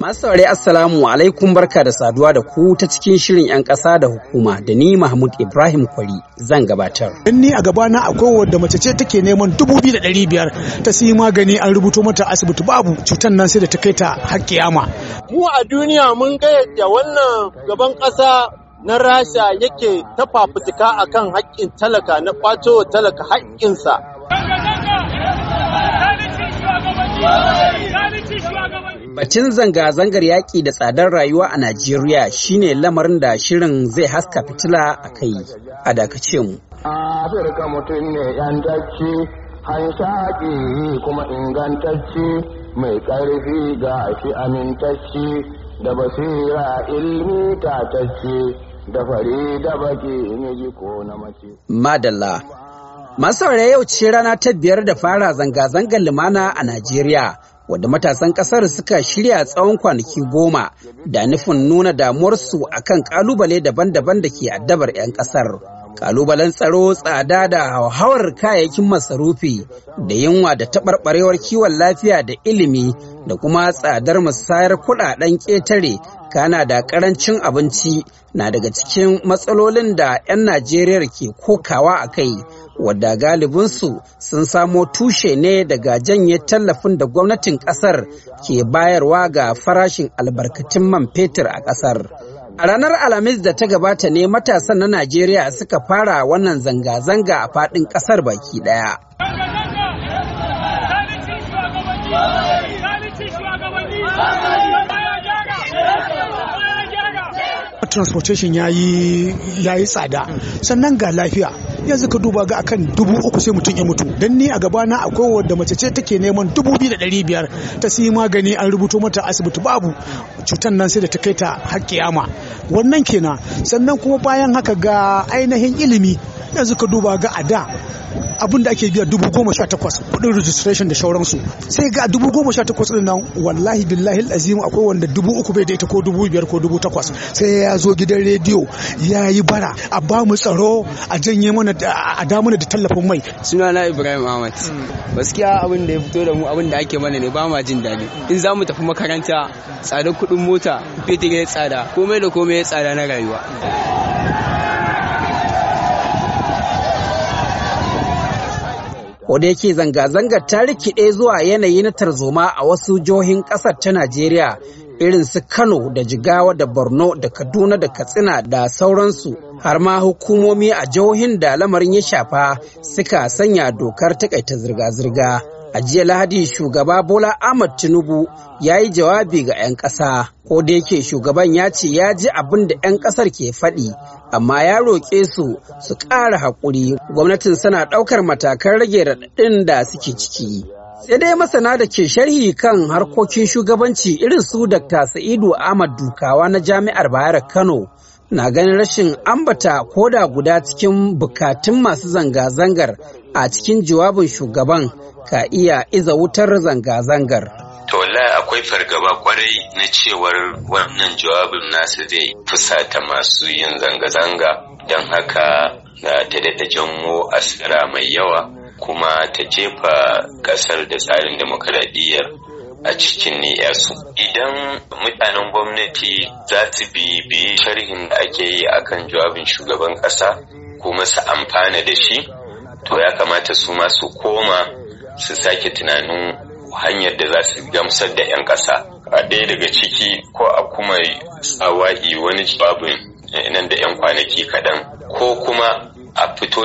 Masu saurari Assalamu alaikum barka da saduwa da ku ta cikin shirin 'yan ƙasa da hukuma da ni Mahmud Ibrahim Kwari zan gabatar. Dan ni a gabana akwai wadda mace ce take neman dubu biyu da ɗari biyar ta siyi magani an rubuto mata asibiti babu cutar nan sai da ta kai ta hakiyama Mu a duniya mun ga yadda wannan gaban ƙasa na rasha yake ta fafutuka akan haƙƙin talaka na ƙwato talaka haƙƙinsa. Batun zanga-zangar yaƙi da tsadar rayuwa a Najeriya shine lamarin da shirin zai haska fitila a kai a dakace mu. Afirka mutum ne yantacce, hanshaƙi kuma ingantacce, mai ƙarfi ga shi amintacce, da basira ilmi tatacce, da fari da baki miji ko na mace. Madalla. Masu yau ce rana ta biyar da fara zanga-zangar lumana a Najeriya wadda matasan kasar suka shirya tsawon kwanaki goma da nufin nuna damuwarsu akan kalubale daban-daban da ke addabar 'yan kasar kalubalen tsaro tsada da hauhawar kayayyakin masarufi da yunwa da taɓarɓarewar kiwon lafiya da ilimi da kuma tsadar musayar kuɗaɗen ƙetare kana da ƙarancin abinci na daga cikin matsalolin da 'yan najeriya ke kokawa a kai wadda galibinsu sun samo tushe ne daga janye tallafin da gwamnatin kasar ke bayarwa ga farashin albarkatun man fetur a kasar. A ranar Alhamis da ta gabata ne matasan na Najeriya suka fara wannan zanga-zanga a faɗin ƙasar baki ɗaya. transportation ya yi tsada sannan ga lafiya yanzu ka duba ga akan dubu uku sai mutum ya mutu dan ni a gabana akwai wadda mace ce take neman dubu biyu da ɗari biyar ta siyi magani an rubuto mata asibiti babu cutan nan sai da ta kai ta har kiyama wannan kenan sannan kuma bayan haka ga ainihin ilimi yanzu ka duba ga a da abin da ake biya dubu goma sha takwas kudin registration da shauransu sai ga dubu goma sha takwas din nan wallahi billahi azim akwai wanda dubu uku bai da ita ko dubu biyar ko dubu takwas sai ya zo gidan rediyo ya yi bara a ba mu tsaro a janye mana mana a da da tallafin mai suna na Ibrahim Ahmad hmm. gaskiya abin da ya fito da mu abin da ake mana ne ba ma jin daɗi in za mu tafi makaranta tsada kuɗin mota fetur ya tsada komai da komai ya tsada na rayuwa ko da yake zanga zanga ta rikide zuwa yanayi na tarzoma a wasu jihohin kasar ta najeriya irin su kano da jigawa da borno da kaduna da katsina da sauransu har ma hukumomi a jihohin da lamarin ya shafa suka sanya dokar takaita zirga-zirga A jiya Lahadi shugaba Bola Ahmad Tinubu ya yi jawabi ga 'yan ƙasa. Ko da yake shugaban ya ce ya ji abin da 'yan ƙasar ke faɗi, amma ya roƙe su su ƙara haƙuri. Gwamnatin suna ɗaukar matakan rage raɗaɗin da suke ciki. Sai dai masana da ke sharhi kan harkokin shugabanci irin su Dr. Sa'idu Ahmad Dukawa na Jami'ar Bayar Kano na ganin rashin ambata koda guda cikin bukatun masu zanga-zangar a cikin jawabin shugaban ka iya iza wutar zanga-zangar. To la akwai fargaba kwarai na cewar wannan jawabin nasu zai fusata masu yin zanga-zanga don haka na ta daɗa janwo asira mai yawa kuma ta jefa ƙasar da tsarin demokaradiyyar a cikin yasu Idan mutanen gwamnati za su bibiyi sharhin da ake yi akan jawabin shugaban kasa kuma su amfana da shi, to ya kamata su masu koma su sake tunanin hanyar da za su gamsar da 'yan ƙasa a ɗaya daga ciki ko a kuma tsawa'i wani jawabin nan da 'yan kwanaki kaɗan ko kuma a fito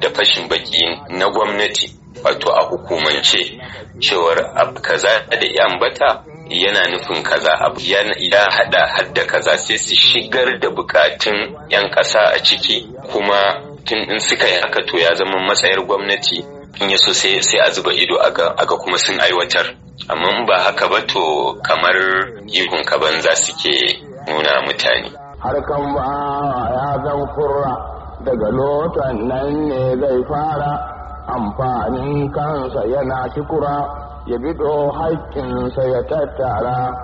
da fashin baki na gwamnati wato a hukumance cewar abu kaza da yan bata yana nufin kaza abu ya hada hadda kaza sai su shigar da bukatun yan kasa a ciki kuma tun in suka yi haka to ya zama matsayar gwamnati in ya so sai a zuba ido aga kuma sun aiwatar amma ba haka ba to kamar ihun ka banza suke nuna mutane harkan ba ya zan kurra daga lotan nan ne zai fara amfanin kansa yana shikura ya bido haƙƙinsa ya tattara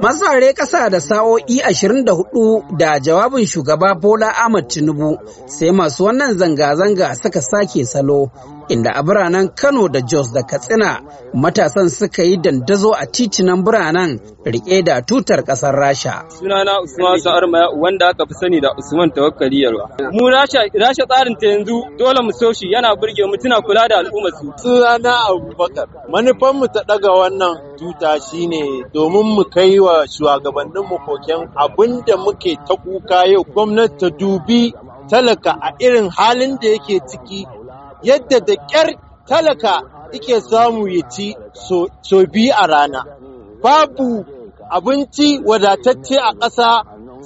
Masu tsare ƙasa da sa'o'i 24 da jawabin shugaba Bola Ahmad Tinubu sai masu wannan zanga-zanga suka sake salo inda a biranen Kano da Jos da Katsina matasan suka yi dandazo a titinan biranen rike da tutar ƙasar Rasha. Sunana Usman Sa'ar Maya wanda aka fi sani da Usman Tawakkali Yarwa. Mu Rasha Rasha tsarin ta yanzu dole mu so shi yana burge mu tuna kula da al'umma su. Sunana Abubakar manufan mu ta daga wannan tuta shine domin mu kai wa shugabannin mu koken abinda muke ta kuka yau gwamnati ta dubi talaka a irin halin da yake ciki yadda da ƙyar talaka ike samu ya ci so biyu a rana babu abinci wadatacce a ƙasa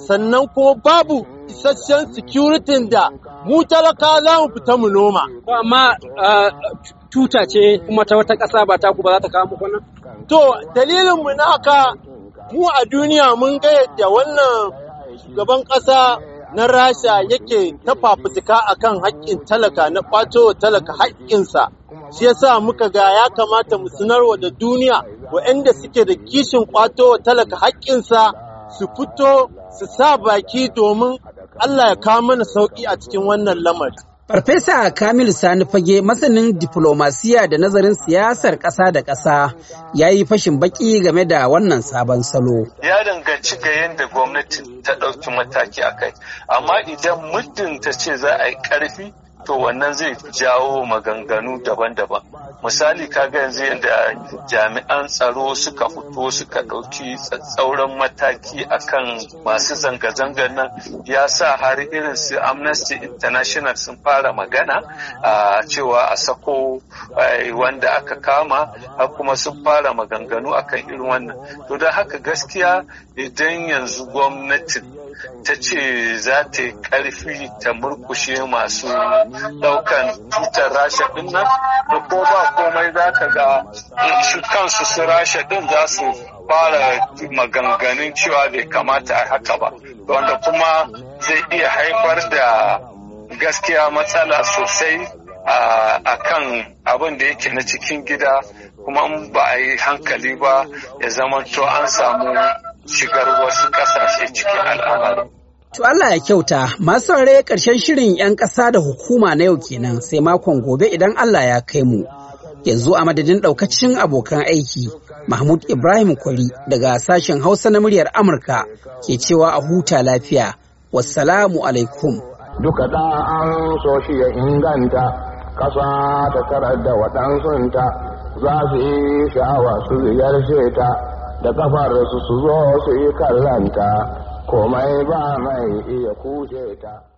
sannan ko babu isasshen sikuritin da mu talaka za mu fita mu noma. amma tuta ce kuma ta wata ƙasa ba taku ba za ta kawo muku to dalilin na ka mu a duniya mun ga yadda wannan gaban ƙasa na Rasha yake ta fafutuka kan haƙƙin talaka na ƙwato wa talaka haƙƙinsa. Shi yasa muka ga ya kamata mu sanarwa da duniya waɗanda suke da kishin ƙwato wa talaka haƙƙinsa su fito su sa baki domin Allah ya kawo mana sauƙi a cikin wannan lamari. Farfesa Kamil Sani Fage masanin diplomasiya da nazarin siyasar ƙasa da ƙasa ya yi fashin baki game da wannan sabon salo. Ya danganci ga yadda gwamnati ta ɗauki mataki a kai, amma idan muddin ta ce za a yi ƙarfi to wannan zai jawo maganganu daban-daban misali kaga yanzu yadda jami'an tsaro suka fito suka ɗauki tsauran mataki akan masu zanga-zangar nan ya sa har irin su amnesty international sun fara magana a cewa a sako eh, wanda aka kama har kuma sun fara maganganu akan irin wannan to don haka gaskiya idan yanzu gwamnatin ta ce za ta yi karfi ta murkushe masu daukan cutar rasha din nan da ko ba komai za ta ga shi kansu su rasha din za su fara maganganun cewa bai kamata a haka ba wanda kuma zai iya haifar da gaskiya matsala sosai a kan abin da yake na cikin gida kuma ba a yi hankali ba ya zama to an samu shigar wasu ƙasashe cikin al'amarin. To Allah ya kyauta, masu rai ƙarshen shirin 'yan ƙasa da hukuma na yau kenan sai makon gobe idan Allah ya kai mu. Yanzu a madadin ɗaukacin abokan aiki, Mahmud Ibrahim Kwari daga sashen Hausa na muryar Amurka ke cewa a huta lafiya. Wassalamu alaikum. Duka ɗan an so shi ya inganta, ƙasa ta karar da waɗansunta za su yi sha'awa su ziyarce ta. da kafarsu su zo su yi kallanta komai ba mai iya kushe ta